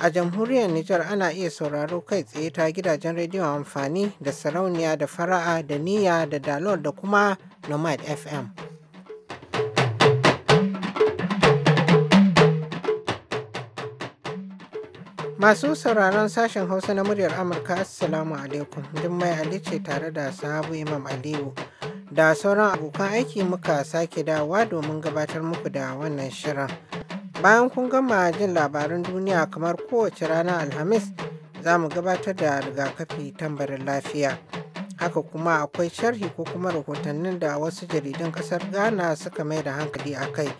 A jamhuriyar Nijar ana iya sauraro kai tsaye ta gidajen rediyon amfani da sarauniya da fara'a da niyya da dalol da kuma nomad FM. Masu sauraron sashen Hausa na muryar Amurka Assalamu alaikum Jummai Ali ce tare da sahabu Imam Aliyu da sauran abokan aiki muka sake dawa domin gabatar muku da wannan shirin. Bayan kun gama jin labarin duniya kamar kowace ranar Alhamis, za mu gabatar da rigakafi tambarin lafiya. Haka kuma akwai sharhi ko kuma rahotannin da wasu jaridun ƙasar Ghana suka mai da hankali a kai,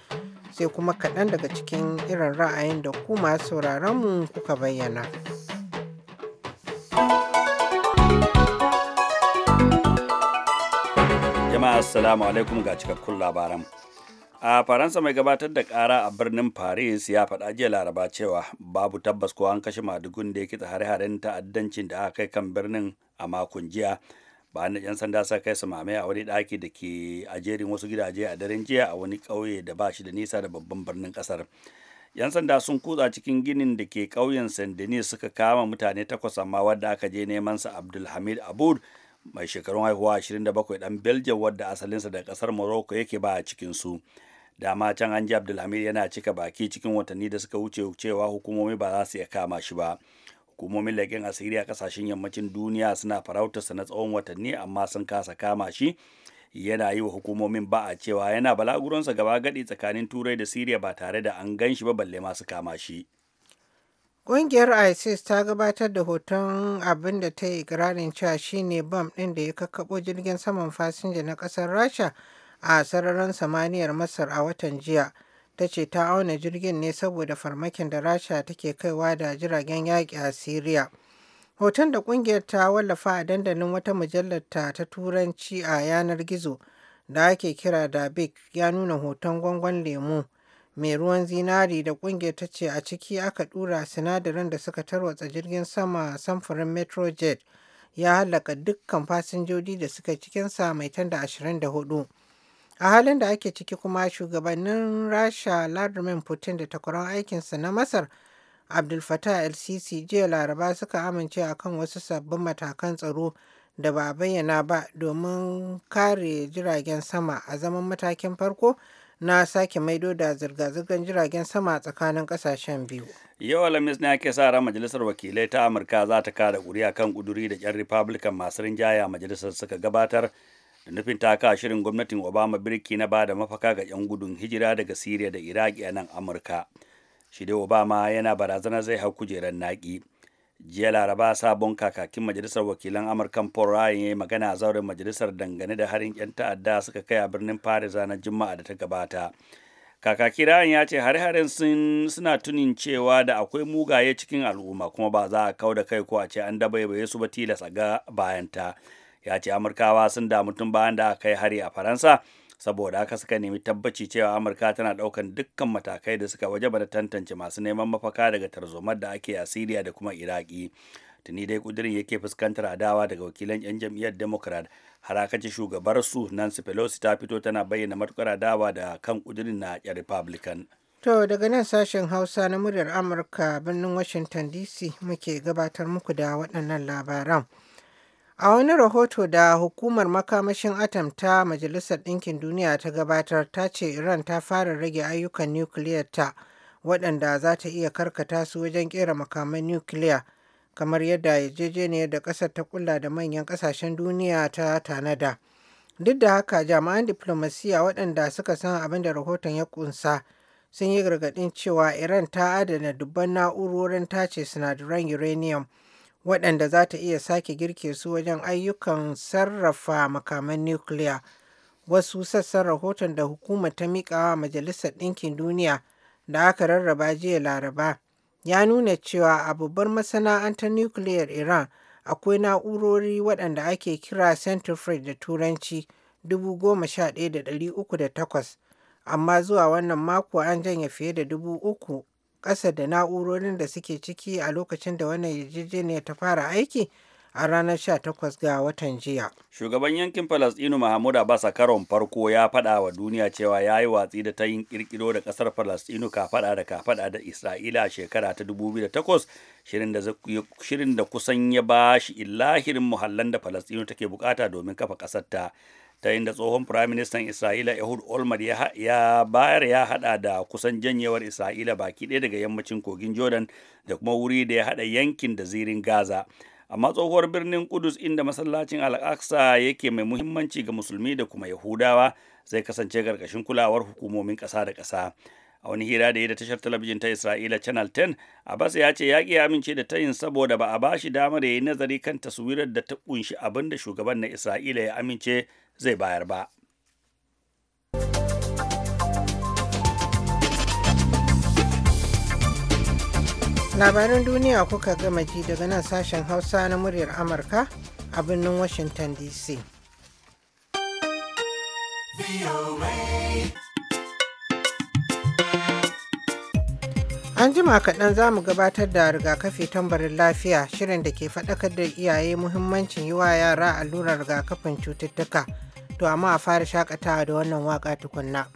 sai kuma kaɗan daga cikin irin ra'ayin da ku masu mu kuka bayyana. Jama'a Assalamu alaikum ga cikakkun labaran. a faransa mai gabatar da kara a birnin paris ya faɗa jiya laraba cewa babu tabbas ko an kashe madugun da ya kitsa hare-haren ta'addancin da aka kai kan birnin a makon jiya bayan da 'yan sanda sa kai samame a wani ɗaki da ke a jerin wasu gidaje a daren jiya a wani kauye da ba shi da nisa da babban birnin kasar 'yan sanda sun kutsa cikin ginin da ke kauyen st denis suka kama mutane takwas amma wadda aka je neman sa abdulhamid abud mai shekarun haihuwa 27 dan belgium wadda asalinsa daga kasar morocco yake ba a cikinsu su dama can anji ji abdulhamid yana cika baki cikin watanni da suka wuce cewa hukumomi ba za su iya kama shi ba hukumomin leƙen asiri a kasashen yammacin duniya suna farautarsa na tsawon watanni amma sun kasa kama shi yana yi wa hukumomin ba a cewa yana balaguronsa gaba gadi tsakanin turai da siriya ba tare da an gan shi ba balle masu kama shi Ƙungiyar ISIS ta gabatar da hoton abin da ta yi ikirarin cewa shine bam ɗin da ya kakkaɓo jirgin saman fasinja na ƙasar Rasha a sararin samaniyar Masar a watan jiya ta ce ta auna jirgin ne saboda farmakin da Rasha take kaiwa da jiragen yaƙi a Siriya. Hoton da ƙungiyar ta wallafa a dandalin wata mujallar ta ta Turanci a yanar gizo da ake kira da Big ya nuna hoton gwangon lemu mai ruwan zinari da ƙungiyar ta ce a ciki aka ɗura sinadarin da suka tarwatsa jirgin sama samfurin Metrojet ya halaka dukkan fasinjoji da suka cikinsa mai tanda 24. a halin da ake ciki kuma shugabannin rasha vladimir putin da takwaran aikinsa na masar abdul fatah lcc jiya laraba suka amince a kan wasu sabbin matakan tsaro da ba bayyana ba domin kare jiragen sama a zaman matakin farko na sake maido da zirga-zirgar jiragen sama tsakanin kasashen biyu. Yau alamis ne ake sa ran majalisar wakilai ta Amurka za ta kada a kan kuduri da 'yan Republican masu rinjaya majalisar suka gabatar da nufin taka shirin gwamnatin obama birki na ba da mafaka ga 'yan gudun hijira daga siriya da iraki a nan amurka shi dai obama yana barazana zai hau kujerar naki jiya laraba sabon kakakin majalisar wakilan amurkan paul ryan ya yi magana a zauren majalisar dangane da harin 'yan ta'adda suka kai a birnin paris ranar juma'a da ta gabata kakaki ryan ya ce hare-haren suna tunin cewa da akwai mugaye cikin al'umma kuma ba za a kau da kai ko a ce an dabaibaye su ba tilas a ga bayanta ya ce amurkawa sun damu tun bayan da aka kai hari a faransa saboda haka suka nemi tabbaci cewa amurka tana daukan dukkan matakai da suka waje da tantance masu neman mafaka daga tarzomar da ake a siriya da kuma iraki tuni dai kudirin yake fuskantar adawa daga wakilan 'yan jam'iyyar democrat harakaci shugabar su nancy pelosi ta fito tana bayyana matukar adawa da kan kudirin na ya republican to daga nan sashen hausa na muryar amurka birnin washington dc muke gabatar muku da waɗannan labaran A wani rahoto da Hukumar Makamashin Atom ta Majalisar Ɗinkin Duniya ta gabatar ta ce Iran ta fara rage ayyukan ta waɗanda za ta iya karkata su wajen ƙera makaman nukiliya kamar yadda yarjejeniyar da ƙasar ta kula da manyan ƙasashen duniya ta tanada. Duk da haka jami'an diplomasiya waɗanda suka san abin da rahoton ya ƙunsa sun yi gargaɗin cewa Iran ta adana dubban na'urorin tace sinadaran uranium. waɗanda za ta iya sake girke su wajen ayyukan sarrafa makaman nukiliya wasu sassan rahoton da hukumar ta miƙawa majalisar ɗinkin duniya da aka rarraba jiya laraba ya nuna cewa a babbar masana'antar nukiliyar iran akwai na'urori waɗanda ake kira centrifuge da turanci 11,308 amma zuwa wannan mako an janye fiye da 3,000 ƙasa da na'urorin da suke ciki a lokacin da wannan yarjejeniyar ta fara aiki a ranar 18 ga watan jiya. Shugaban yankin Falasɗinu Mahmud Abbas a karon farko ya faɗa wa duniya cewa ya yi watsi da ta yin ƙirƙiro da ƙasar Falasɗinu kafaɗa da kafaɗa da Isra'ila a shekara ta 2008 shirin da kusan ya ba shi illahirin muhallan da Falasɗinu take bukata domin kafa ƙasarta. ta. ta inda tsohon firaministan isra'ila ehud olmert ya bayar ya hada da kusan janyewar isra'ila baki ɗaya daga yammacin kogin jordan da kuma wuri da ya hada yankin da zirin gaza amma tsohuwar birnin kudus inda masallacin al'aqsa yake mai muhimmanci ga musulmi da kuma yahudawa zai kasance karkashin kulawar hukumomin ƙasa da ƙasa a wani hira da ya da tashar talabijin ta isra'ila channel 10 abbas ya ce ya ya amince da tayin saboda ba a bashi damar ya yi nazari kan taswirar da ta kunshi abin da shugaban na isra'ila ya amince zai bayar ba. labaran duniya kuka gama ji daga nan sashen hausa na muryar amurka a birnin washington dc. An jima kaɗan za mu gabatar da rigakafi tambarin lafiya shirin da ke faɗakar da iyaye muhimmancin yi wa yara allurar rigakafin cututtuka. To amma a fara shakatawa da wannan waka tukunna.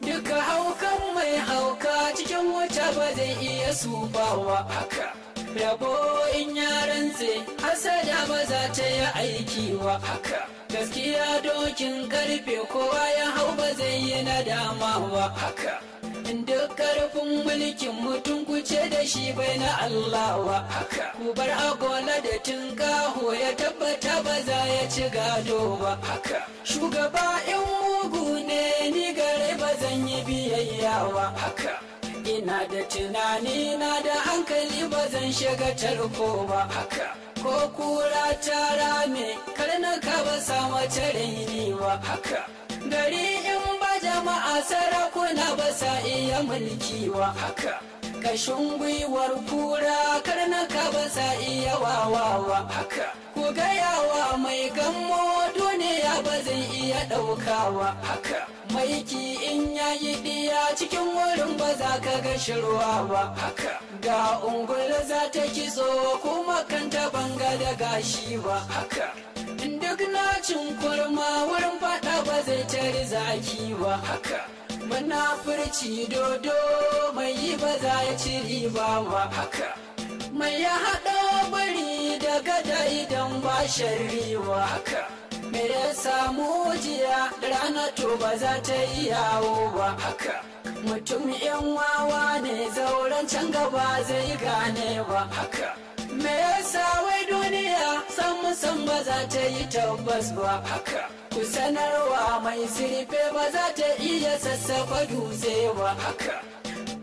Duka haukan mai hauka cikin wata ba zai iya haka. Rabo in yaran tse, asada ba za ta yi aiki wa haka. Gaskiya dokin karfe kowa ya hau ba zai yi na wa haka. duk karfin mulkin mutum ku ce da shi bai na allawa ku bar agola da tunkaho ya tabbata ba za ya ci gado ba shugaba in mugu ne ni gare ba zan yi biyayya ba ina da tunani na da hankali ba zan shiga tarko ba haka ko kura ta rame karnaka ba samu tare ba haka gari in jama'a sarakuna ba sa iya mulki wa haka kashin gwiwar kura karnaka ba sa iya wawawa haka ku gayawa mai gammo duniya ba zai iya ɗaukawa haka maiki in yayi ɗiya cikin wurin ba za ka ga shirwa ba haka ga ungula za ta kitso kuma kanta banga da gashi ba haka duk kwarma wurin fada ba zai tari zaki ba haka munafurci dodo mai yi ba za ya ci riba ba haka mai ya haɗa bari da gada idan ba sharri ba haka me ya samu jiya rana to ba za ta yi yawo ba haka mutum yan wawa ne zauren can gaba zai gane ba haka me yasa wai duniya san musan ba za ta yi tabbas ba haka ku sanarwa mai sirfe ba za ta iya sassafa dutse ba haka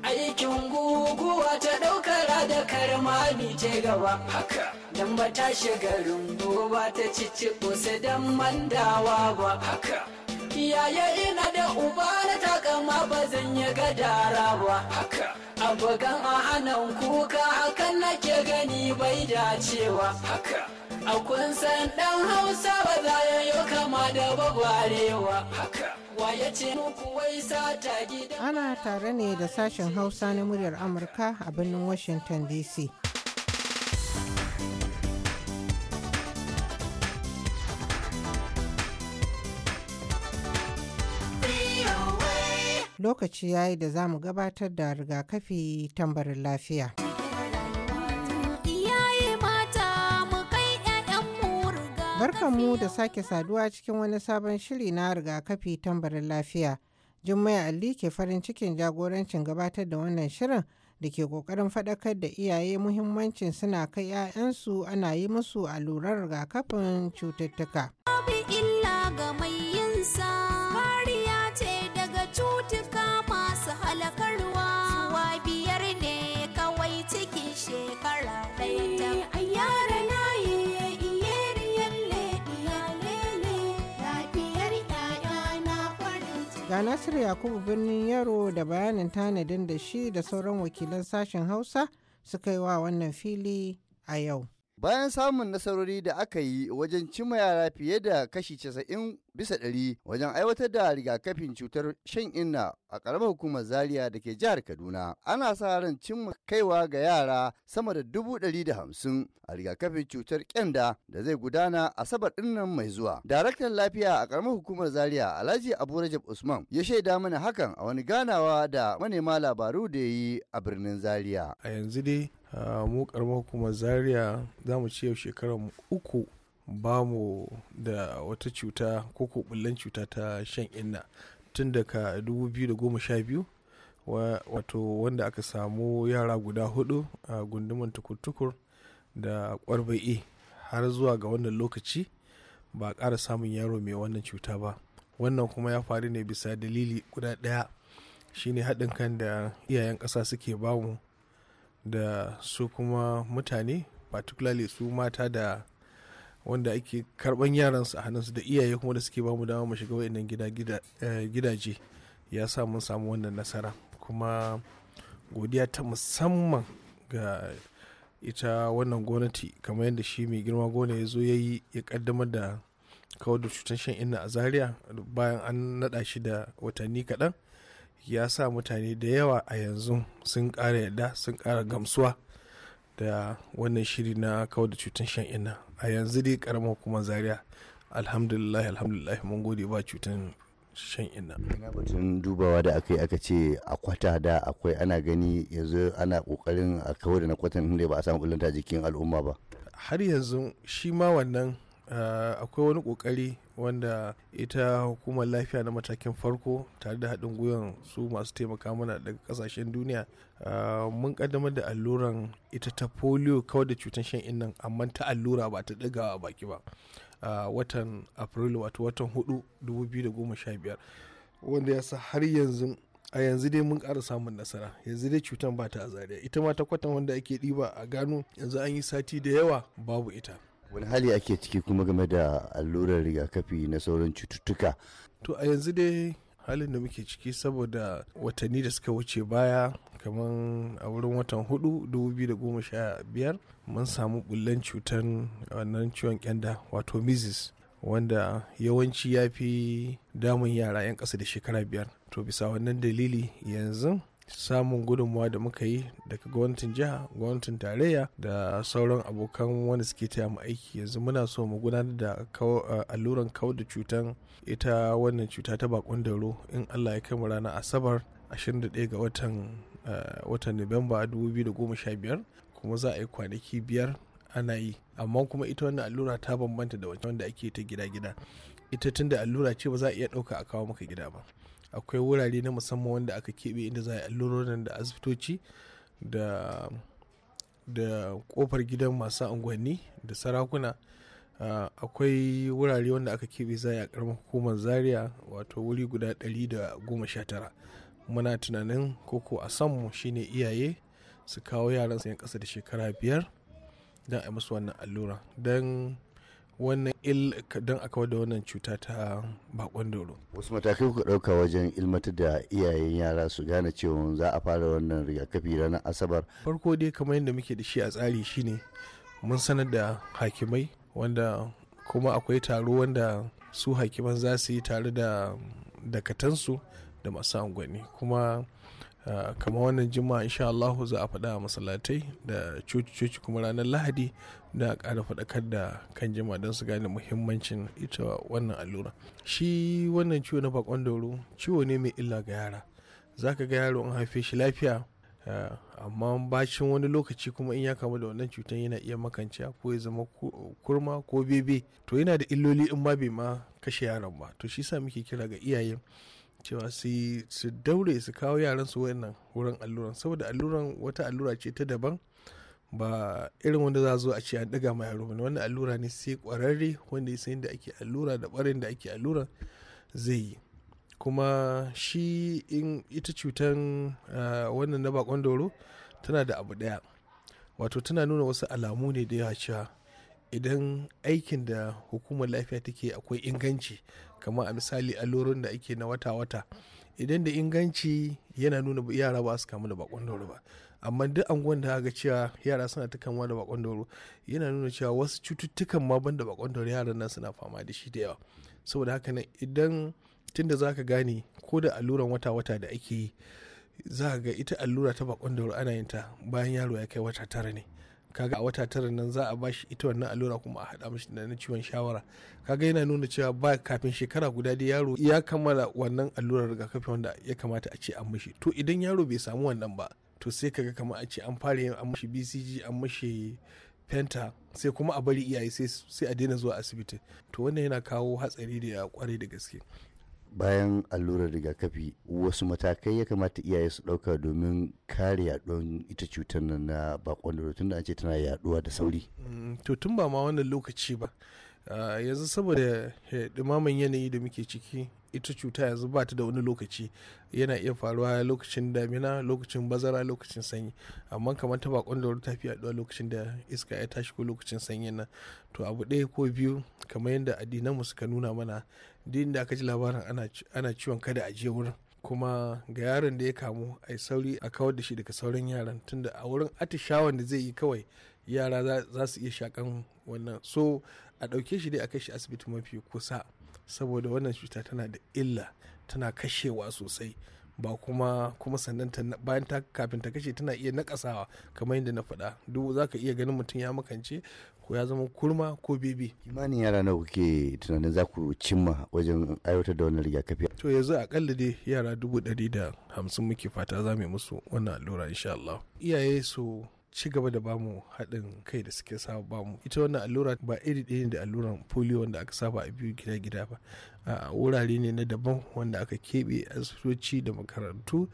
aikin guguwa ta daukara da karmami ce gaba haka dan ba ta shiga rumbu ta cici kusa dan mandawa ba haka iyaye ina da uba na takama ba zan yi gadara ba haka abokan a anan kuka hakan nake gani bai dacewa haka a kun san dan hausa ba za ya yi kama da babarewa. haka ya ce muku wai sata gida ana tare ne da sashen hausa na muryar amurka a birnin washington dc lokaci ya yi da za mu gabatar da rigakafi tambarin lafiya. Barkanmu da sake saduwa cikin wani sabon shiri na rigakafi tambarin lafiya. Jummai Ali ke farin cikin jagorancin gabatar da wannan shirin da ke kokarin faɗakar da iyaye muhimmancin suna kai 'ya'yansu ana yi musu allurar rigakafin cututtuka. nasir Nasiru Yakubu birnin Yaro da bayanin tanadin da shi da sauran wakilan sashen Hausa suka yi wa wannan fili a yau. Bayan samun nasarori da aka yi wajen cima yara fiye da kashi 90 bisa 100 wajen aiwatar da rigakafin cutar shan inna a ƙaramar hukumar Zaria da ke jihar Kaduna. Ana sa ran cimma kaiwa ga yara sama da dubu ɗari da hamsin a rigakafin cutar kyanda da zai gudana asabar ɗinnan mai zuwa. Daraktan lafiya a ƙaramar hukumar Zaria Alhaji Abu Rajab Usman ya shaida mana hakan a wani ganawa da manema labaru da yi a birnin Zaria. A yanzu dai mu ƙaramar hukumar Zaria za mu ci yau shekarar uku ba mu da wata cuta ko ko cuta ta shan inna tun daga 2012 wato wanda aka samu yara guda hudu a gundumar tukur-tukur da kwarbai e har zuwa ga wannan lokaci ba a ƙara samun yaro mai wannan cuta ba wannan kuma ya faru ne bisa dalili guda ɗaya shine haɗin kan da iyayen ƙasa suke bamu da su kuma mutane particularly su mata da wanda ake karban yaran su a hannunsu da iyaye kuma da suke bamu dama mu shiga gida eh, gidaje ya sa mun samu wannan nasara kuma godiya ta musamman ga ita wannan gwamnati kamar yadda shi mai girma gona ya zo ya yi ya kaddamar da kawar da cutar shan inna a zaria bayan an naɗa shi da watanni kaɗan ya sa mutane da yawa a yanzu sun ƙara yadda sun ƙara gamsuwa da wannan shiri na kawar da cutar shan inna a yanzu dai karamar hukumar zaria alhamdulillah alhamdulillah mun gode ba cutan shan ina ina batun dubawa da aka yi aka ce a kwata da akwai ana gani yanzu ana kokarin a kawo da na kwatan inda ba a samu kullanta jikin al'umma ba har yanzu shi ma wannan Eh, akwai wani kokari wanda ita hukumar lafiya na matakin farko tare da haɗin gwiwan su masu taimaka mana daga kasashen duniya eh, mun kaddamar da alluran ita ta polio kawai da cutar shan innan amma ta allura ba ta ɗigawa baki ba eh, watan april wato watan hudu 2015 wanda ya sa har yanzu a yanzu dai mun kara samun nasara yanzu dai cutar ba ta a zariya ita ma ta kwatan wanda ake ɗiba a gano yanzu an yi sati da yawa babu ita wani hali ake ciki kuma game da allurar rigakafi na sauran cututtuka to a yanzu dai halin da muke ciki saboda watanni da suka wuce baya kamar a wurin watan hudu 2015 mun samu bullan cutar wannan ciwon kyanda wato mizis wanda yawanci ya fi damun yara 'yan ƙasa da shekara biyar to bisa wannan dalili yanzu samun gudunmawa da muka yi daga gwamnatin jiha gwamnatin tarayya da sauran abokan wanda suke taya mu aiki yanzu muna so mu gudanar da alluran kawar da cutan ita wannan cuta ta bakon daro in allah ya kai mu ranar asabar 21 ga watan watan nuwamba 2015 kuma za a yi kwanaki biyar ana yi amma kuma ita wannan allura ta bambanta da wanda ake ta gida-gida ita tun da allura ce ba za a iya ɗauka a kawo maka gida ba akwai wurare na musamman wanda aka keɓe inda za a yi allurorin da asibitoci da kofar gidan masu unguwanni da sarakuna akwai wurare wanda aka keɓe za a karamar hukumar zaria wato wuri guda 119 muna tunanin koko a mu shine iyaye su kawo yaran su yan ƙasa da shekara biyar don a yi musu wannan allura don wannan il don a kawar da wannan cuta ta bakon doro wasu matakai ku ɗauka wajen ilmata da iyayen yara su gane cewa za a fara wannan rigakafi ranar asabar farko dai kamar yadda muke da shi a tsari shine mun sanar da hakimai wanda kuma akwai taro wanda su hakiman za su yi tare da dakatansu da masu angwani kuma Ah, kamar wannan juma'a insha Allah za a faɗa a masallatai da coci-coci kuma ranar lahadi da a ƙara faɗakar da kan jima don su gane muhimmancin ita wannan allura shi wannan ciwo na bakon dauro ciwo ne mai illa ga yara za ka ga yaro an haife shi lafiya ah, amma bacin wani lokaci kuma in ya kamu da wannan cutar yana iya makanciya ko ya zama kurma ko bebe to yana da illoli in ba bai ma kashe yaron ba to shi sa muke kira ga iyayen. cewa su daure su kawo yaran su wayannan wurin alluran saboda alluran wata allura ce ta daban ba irin wanda za zo a ce an daga mai yaro ne wannan allura ne sai kwararre wanda ya san da ake allura da barin da ake allura zai yi kuma shi in ita cutan ah, wannan na bakon doro tana da abu daya wato tana nuna wasu alamu ne da yawa cewa idan aikin da hukumar lafiya take akwai inganci kamar a misali allurorin da ake na wata-wata idan da inganci yana nuna yara ba su kamu da bakon dauro ba amma duk anguwan da ga cewa yara suna ta kamuwa da bakon dauro yana nuna cewa wasu cututtukan ma banda bakon dauro yaran nan suna fama da shi da yawa saboda haka nan idan tunda za ka gane ko da alluran wata-wata da ake yi za ga ita allura ta bakon dauro ana yin ta bayan yaro ya kai wata tara ne kaga a wata tara nan za a ba shi ita wannan allura kuma a haɗa mashi da na ciwon shawara kaga yana nuna cewa ba kafin shekara guda da yaro ya kammala wannan allurar rigakafi wanda ya kamata a ce an mashi to idan yaro bai samu wannan ba to sai kaga kamar a ce an fara yin an mashi bcg an mashi penta sai kuma a bari iyaye sai a daina zuwa asibiti to wannan yana kawo hatsari da ya kware da gaske bayan allurar rigakafi wasu matakai ya kamata iyaye su ɗauka domin kare yaduwar ita cutar nan na bakon da tunda an ce tana yaduwa da sauri mm, to tun ba ma wannan lokaci ba ah, yanzu saboda eh, ɗumaman yanayi da muke ciki ita cuta yanzu ba ta da wani lokaci yana iya faruwa lokacin damina lokacin bazara lokacin sanyi amma kamar ta bakon da wani tafi yaduwa lokacin da iska ya tashi ko lokacin sanyi nan to abu ɗaya ko biyu kamar yadda addinan mu suka nuna mana din da aka ji labarin ana ciwon kada a je wurin kuma ga yaron da ya kamu a sauri a kawar da shi daga sauran yaran tunda a wurin atishawan da zai yi kawai yara za su iya shakan wannan so a ɗauke shi dai a kai shi asibiti mafi kusa saboda wannan cuta tana da illa tana kashewa sosai ba kuma kuma sannan bayan ta kafin ta kashe tana iya nakasawa kamar yadda na faɗa duk za ka iya ganin mutum ya makance ko ya zama kurma ko bebe kimanin yara nawa kuke tunanin za ku cimma wajen aiwatar da wannan rigakafi to yanzu akalla dai yara dubu ɗari da hamsin muke fata za mu yi musu wannan allura insha Allah iyaye su ci gaba da bamu haɗin kai da suke saba bamu ita wannan allura ba iri ɗaya da alluran polio wanda aka saba a biyu gida gida ba a wurare ne na daban wanda aka keɓe asibitoci da makarantu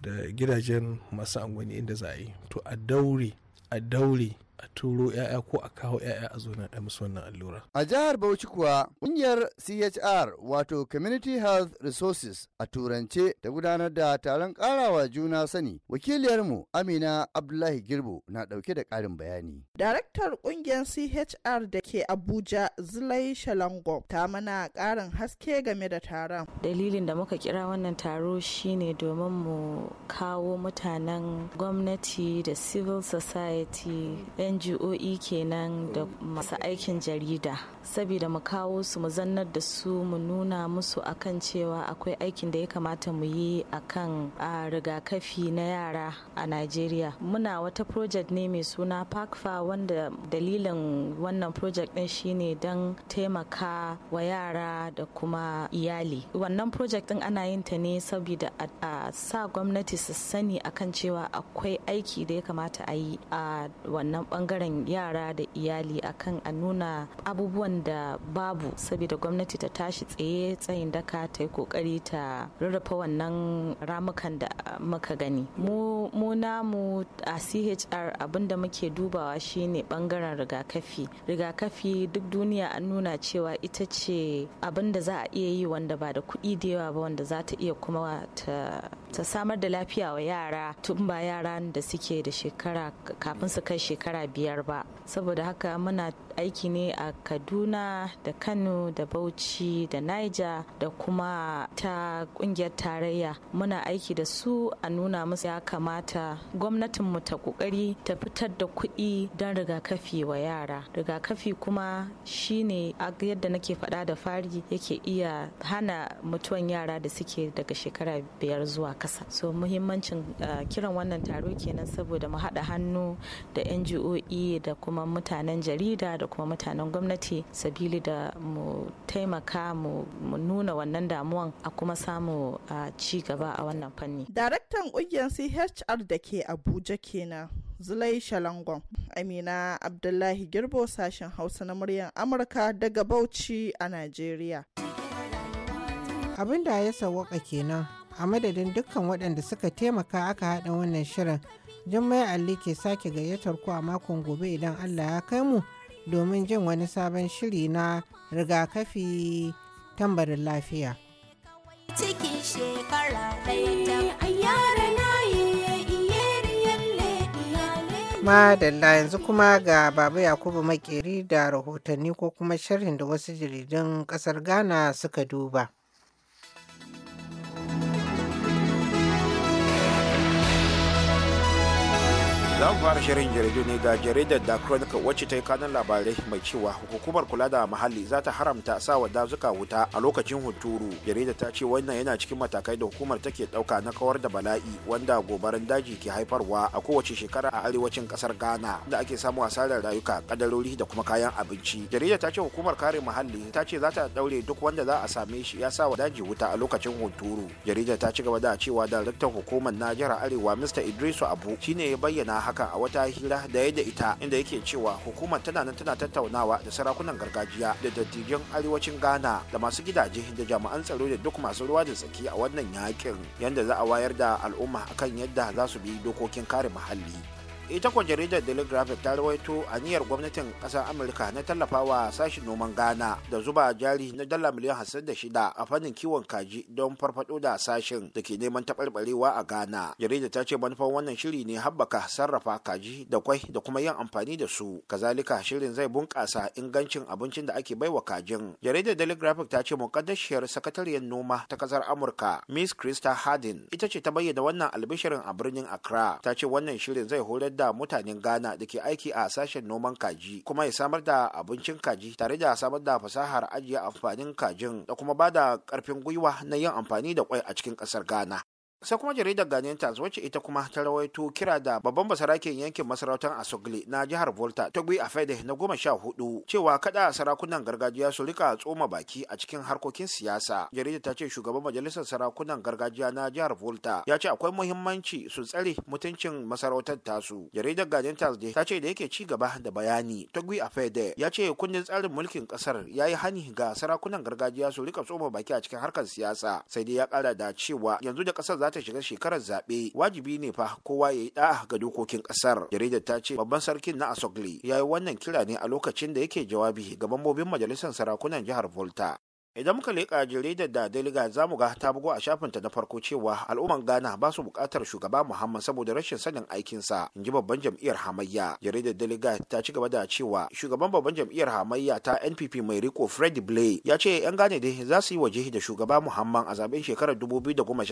da gidajen masu angwani inda za a yi to a daure a daure a turo 'ya'ya ko a kawo 'ya'ya a zo a musu wannan allura. A jihar Bauchi kuwa ƙungiyar CHR wato Community Health Resources a turance ta gudanar da taron karawa juna sani. Wakiliyarmu Amina Abdullahi Girbo na dauke da karin bayani. Daraktar ƙungiyar CHR da ke Abuja Zulai Shalango ta mana ƙarin haske game da taron. Dalilin da muka kira wannan taro shine domin mu kawo mutanen gwamnati da civil society NGOE kenan da masu aikin jarida saboda mu kawo su mu zannar da su mu nuna musu akan cewa akwai aikin da ya kamata mu yi akan a rigakafi na yara a Najeriya. Muna wata project ne mai suna Pakfa wanda dalilin wannan project din shine don taimaka wa yara da kuma iyali. Wannan project din ana yin ta ne saboda a sa gwamnati su sani akan cewa akwai aiki da ya kamata a yi a wannan bangaren yara da iyali akan a nuna abubuwan da babu saboda gwamnati ta tashi tsaye tsayin daka ta yi kokari ta rarrafa wannan ramukan da muka gani mu namu a chr abinda muke dubawa shine ɓangaren rigakafi rigakafi duk duniya an nuna cewa ita ce abinda za a iya yi wanda ba da kuɗi da yawa ba wanda za ta iya kuma ta samar da lafiya wa yara tun ba yaran da suke da shekara kafin su kai shekara biyar ba saboda haka muna aiki ne a kaduna da kano da bauchi da niger da kuma ta kungiyar tarayya muna aiki da su a nuna musu ya kamata gwamnatinmu ta kokari ta fitar da kuɗi don rigakafi wa yara rigakafi kuma shine yadda nake faɗa da fari yake iya hana mutuwan yara da suke daga shekara biyar zuwa kasa so muhimmancin ah, kiran wannan taro kenan saboda mu haɗa hannu da ngo'i e da kuma mutanen jarida da kuma mutanen gwamnati sabili da mu taimaka mu nuna wannan damuwan a kuma samu ci gaba a wannan fanni. Daraktan ƙungiyar CHR da ke Abuja kenan. Zulai Shalangon. Amina Abdullahi Girbo sashen Hausa na muryar Amurka daga Bauchi a Najeriya. abinda ya sawwaka kenan a madadin dukkan waɗanda suka taimaka aka haɗa wannan shirin. Jummai Ali ke sake gayyatar ku a makon gobe idan Allah ya kai mu domin jin wani sabon shiri na rigakafi tambarin lafiya. Madalla yanzu kuma ga Baba Yakubu Makeri da rahotanni ko kuma sharhin da wasu jaridun ƙasar Ghana suka duba. za mu fara shirin jaridu ne ga jaridar da chronicle wacce ta yi kanun labarai mai cewa hukumar kula da muhalli za ta haramta sa wa dazuka wuta a lokacin hunturu jaridar ta ce wannan yana cikin matakai da hukumar take dauka na kawar da bala'i wanda gobarin daji ke haifarwa a kowace shekara a arewacin kasar ghana da ake samu asarar rayuka kadarori da kuma kayan abinci jaridar ta ce hukumar kare muhalli ta ce za ta daure duk wanda za a same shi ya sa wa daji wuta a lokacin hunturu jaridar ta ci gaba da cewa daraktan hukumar na jihar arewa mr idrisu abu shine ya bayyana haka a wata hira da ya da ita inda yake cewa hukumar tana nan tana tattaunawa da sarakunan gargajiya da dattijan arewacin ghana da masu gidaje da jami'an tsaro da duk masu ruwa da tsaki a wannan yakin yadda za a wayar da al'umma akan yadda za su bi dokokin kare muhalli ita kuwa jaridar daily graphic ta rawaito aniyar gwamnatin kasar amurka na tallafawa sashen noman ghana da zuba jari na dala miliyan hamsin da shida a fannin kiwon kaji don farfado da sashen da ke neman taɓarɓarewa a ghana jaridar ta ce manufan wannan shiri ne haɓaka sarrafa kaji da kwai da kuma yin amfani da su kazalika shirin zai bunƙasa ingancin abincin da ake baiwa kajin jaridar daily graphic ta ce muƙaddashiyar sakatariyar noma ta kasar amurka miss krista hardin ita ce ta bayyana wannan albishirin a birnin accra ta ce wannan shirin zai horar da mutanen ghana da ke aiki a sashen noman kaji kuma ya samar da abincin kaji tare da samar da fasahar ajiye amfanin kajin da kuma ba da karfin gwiwa na yin amfani da kwai a cikin kasar ghana sai kuma jaridar Ghanaian Times wacce ita kuma ta rawaito kira da babban basarakin yankin masarautar Asogli na jihar Volta ta gwi Afede na goma sha hudu cewa kada sarakunan gargajiya su rika tsoma baki a cikin harkokin siyasa. Jaridar ta ce shugaban majalisar sarakunan gargajiya na jihar Volta ya ce akwai muhimmanci su tsare mutuncin masarautar tasu. Jaridar Ghanaian Times ta ce da yake ci gaba da bayani ta gwi fede ya ce kundin tsarin mulkin kasar ya yi hani ga sarakunan gargajiya su rika tsoma baki a cikin harkar siyasa sai dai ya kara da cewa yanzu da kasar za za ta shiga shekarar zaɓe wajibi ne fa kowa ya yi ɗa ga dokokin ƙasar jaridar ta ce babban sarkin na asogli ya yi wannan kira ne a lokacin da yake jawabi ga mambobin majalisar sarakunan jihar volta idan muka leƙa jaridar da daliga za mu ga ta bugo a shafinta na farko cewa al'umman ghana ba su buƙatar shugaba muhammad saboda rashin sanin aikinsa in ji babban jam'iyyar hamayya jaridar daliga ta ci gaba da cewa shugaban babban jam'iyyar hamayya ta npp mai riko fred blay ya ce yan gane dai za su yi waje da shugaba muhammad a zaben shekarar dubu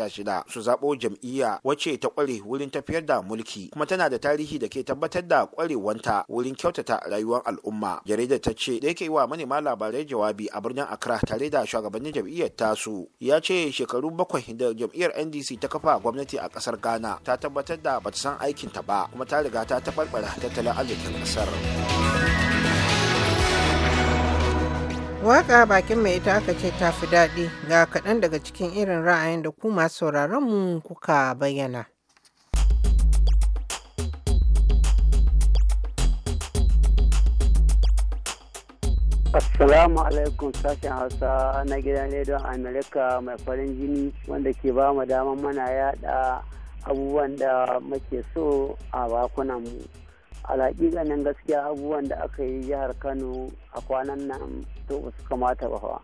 shida su zaɓo jam'iyya wacce ta ƙware wurin tafiyar da mulki kuma tana da tarihi da ke tabbatar da ƙwarewanta wurin kyautata rayuwar al'umma jaridar ta ce da yake yi wa manema labarai jawabi a birnin accra tare da da shugabannin jam'iyyar tasu ya ce shekaru bakwai da jam'iyyar ndc ta kafa gwamnati a kasar ghana ta tabbatar da bata san aikin ta ba kuma ta riga ta tabarbara tattalin arzikin kasar Waka bakin mai ita aka ce ta fi daɗi ga kaɗan daga cikin irin ra'ayin da ku masu sauraron mu kuka bayyana. Assalamu alaikum sashen Hausa na gidan Rediyon Amerika mai farin jini wanda ke ba mu damar mana yada abubuwan da muke so a bakunan mu. Alhaƙiƙanin gaskiya abubuwan da aka yi jihar Kano a kwanan nan to su kamata ba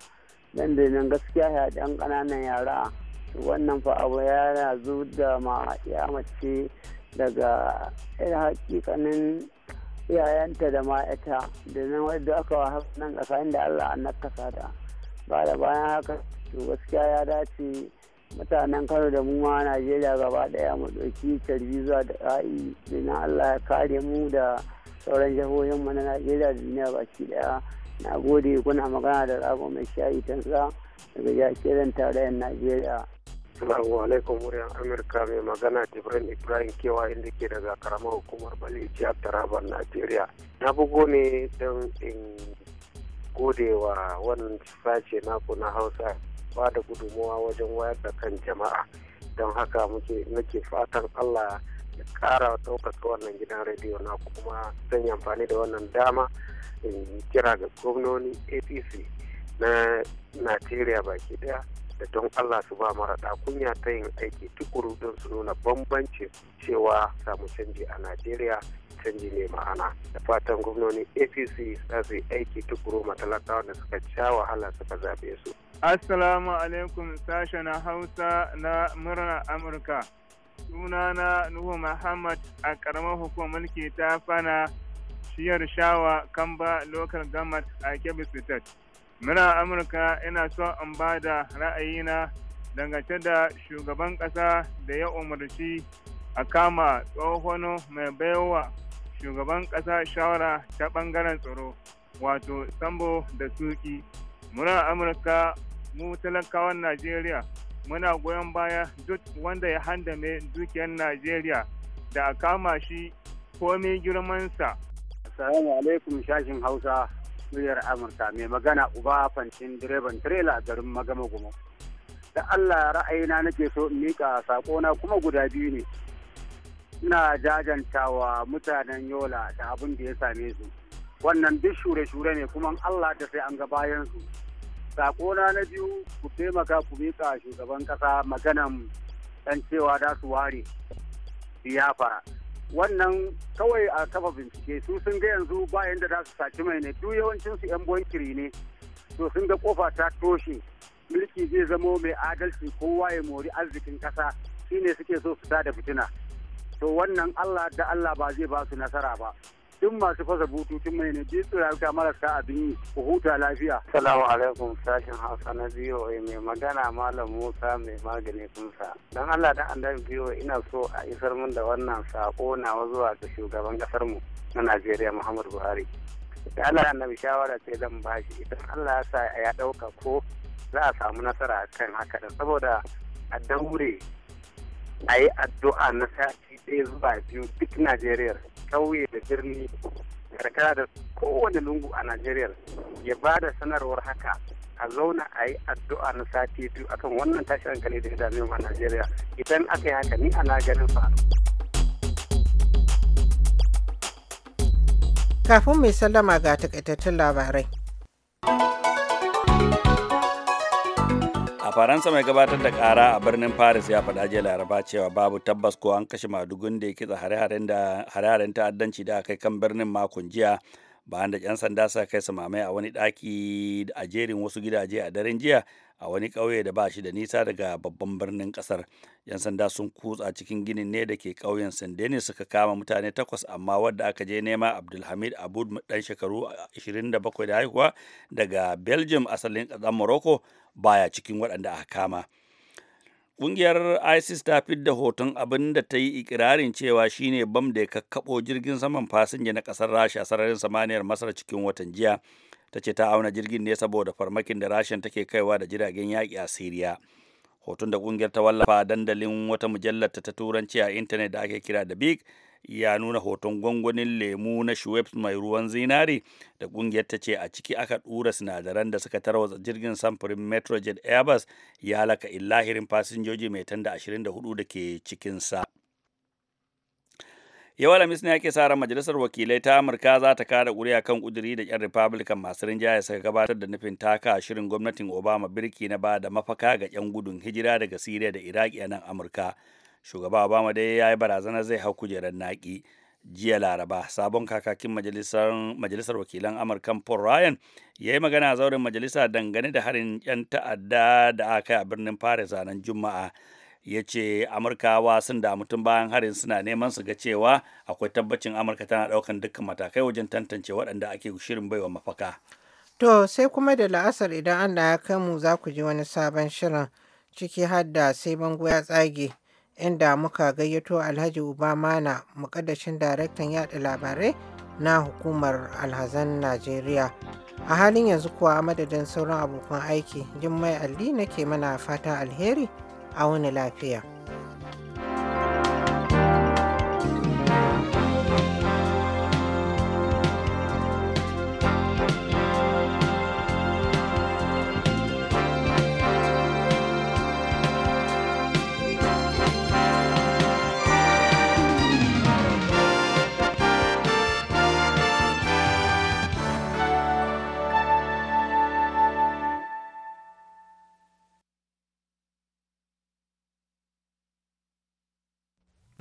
Dan da nan gaskiya ya ɗan ƙananan yara wannan fa abu yana zo da ma ya mace daga eh, hakikanin iyayenta da ma'aita da nan wadda aka wa nan tsakanin da Allah an nakasa da ba da bayan haka to gaskiya ya dace mutanen kano da mu ma najeriya gaba daya mu ɗauki tarbi zuwa da ra'ayi na allah ya kare mu da sauran jihohin mu na najeriya da duniya baki daya na gode kuna magana da rago mai shayi tansa daga jakiran tarayyar najeriya Assalamu alaikum muryar Amurka mai magana Jibrin Ibrahim kewa inda ke daga karamar hukumar Bali jihar Taraba Najeriya. Na bugo ne don in gode wa wannan sace naku na Hausa ba da gudunmawa wajen wayar da kan jama'a. Don haka muke nake fatan Allah ya kara ɗaukaka wannan gidan rediyo na kuma zan yi amfani da wannan dama in kira ga gwamnoni APC na Najeriya baki daya da don Allah su ba marada kunya ta yin aiki tukuru don su nuna bambanci cewa samu canji a Najeriya canji ne ma'ana da fatan gwamnonin apc za su yi aiki tukuru matalakawa da suka sha wahala suka zaɓe su assalamu alaikum sashen hausa na murna amurka sunana nuhu muhammad a ƙaramar hukumar mulki ta fana shiyar shawa kamba local government a kebbi state muna amurka ina so in ba da ra'ayina dangance da shugaban ƙasa da ya umarci a kama tsohon mai baiwa shugaban ƙasa shawara ta ɓangaren tsaro wato sambo da suki muna amurka mu talakawan najeriya muna goyon baya duk wanda ya handame dukiyar najeriya da a kama shi komai girmansa assalamu alaikum shashin hausa muryar amurka mai magana uba fancin direban tirela garin magama gumo da allah ra'ayina nake so in miƙa saƙona kuma guda biyu ne ina jajantawa mutanen yola da abin da ya same su wannan duk shure-shure ne kuma allah ta sai an ga bayan su saƙona na biyu ku taimaka ku miƙa shugaban ƙasa maganan ɗan cewa da su ware fara. wannan kawai a kafa bincike su sun ga yanzu bayan da za su saci mai ne duk yawancin su yan bankiri ne to sun ga kofa ta toshe mulki zai zamo mai adalci kowa ya mori arzikin kasa shine suke so su da fitina to wannan Allah da Allah ba zai ba su nasara ba duk masu fasa bututun mai ne ji rayuka marasa abin yi ku huta lafiya. Salamu alaikum sashen Hausa na BOA mai magana Malam Musa mai magani kunsa. Don Allah da andan BOA ina so a isar min da wannan sako nawa zuwa ga shugaban kasar mu na Najeriya Muhammadu Buhari. Da Allah annabi shawara sai zan bashi idan Allah ya sa ya ɗauka ko za a samu nasara kan haka da saboda a daure a yi addu'a na sati ɗaya zuwa biyu duk Najeriya kauye da birni karkara da kowane lungu a najeriya ya ba da sanarwar haka a zauna a yi addu'a na sati biyu akan wannan tashin hankali da ya dame a najeriya idan aka yi haka ni ana ganin fa kafin mai sallama ga takaitattun labarai a faransa mai gabatar da kara a birnin paris ya faɗa jiya laraba cewa babu tabbas ko an kashe madugun da ya kitsa hare-haren ta'addanci da aka kai kan birnin makon jiya bayan da 'yan sanda suka kai samamai a wani ɗaki a jerin wasu gidaje a daren jiya a wani ƙauye da ba shi da nisa daga babban birnin ƙasar 'yan sanda sun kutsa cikin ginin ne da ke ƙauyen sandeni suka kama mutane takwas amma wadda aka je nema abdulhamid abud ɗan shekaru 27 da haihuwa daga belgium asalin ƙasar morocco baya cikin waɗanda aka kama Ƙungiyar ISIS ta fidda hoton abin da ta yi ikirarin cewa shine bam da ya kakkaɓo jirgin saman fasinja na ƙasar Rasha sararin samaniyar Masar cikin watan jiya. Ta ce ta auna jirgin ne saboda farmakin da Rashan take kaiwa da jiragen yaƙi a Siriya. Hoton da ƙungiyar ta wallafa dandalin wata mujallar ta turanci a intanet da ake kira da Big ya nuna hoton gwangwanin lemu na Schweppes mai ruwan zinari da kungiyar ta ce a ciki aka dura sinadaran da suka tarwatsa jirgin samfurin Metrojet Airbus ya laka illahirin fasinjoji mai tanda 24 da ke cikinsa. yau da ne ake sa majalisar wakilai ta amurka za ta kada kuri'a kan kuduri da yan republican masu rinjaye suka gabatar da nufin taka a shirin gwamnatin obama birki na ba da mafaka ga yan gudun hijira daga siriya da iraki a nan amurka shugaba obama dai ya yi barazana zai hau kujerar naki jiya laraba sabon kakakin majalisar, wakilan amurkan paul ryan ya yi magana a zauren majalisa dangane da harin 'yan ta'adda da aka yi a birnin paris ranar juma'a ya ce amurkawa sun da mutum bayan harin suna neman su ga cewa akwai tabbacin amurka tana daukan dukkan matakai wajen tantance waɗanda ake shirin baiwa mafaka to sai kuma da la'asar idan allah ya kai mu za ku ji wani sabon shirin ciki har sai bango ya tsage inda muka gayyato Alhaji Ubamana mukaddashin daraktan yaɗa labarai na hukumar alhazan Najeriya. A halin yanzu kuwa a madadin sauran abokan aiki, Jummai Alli nake mana fata alheri a wani lafiya.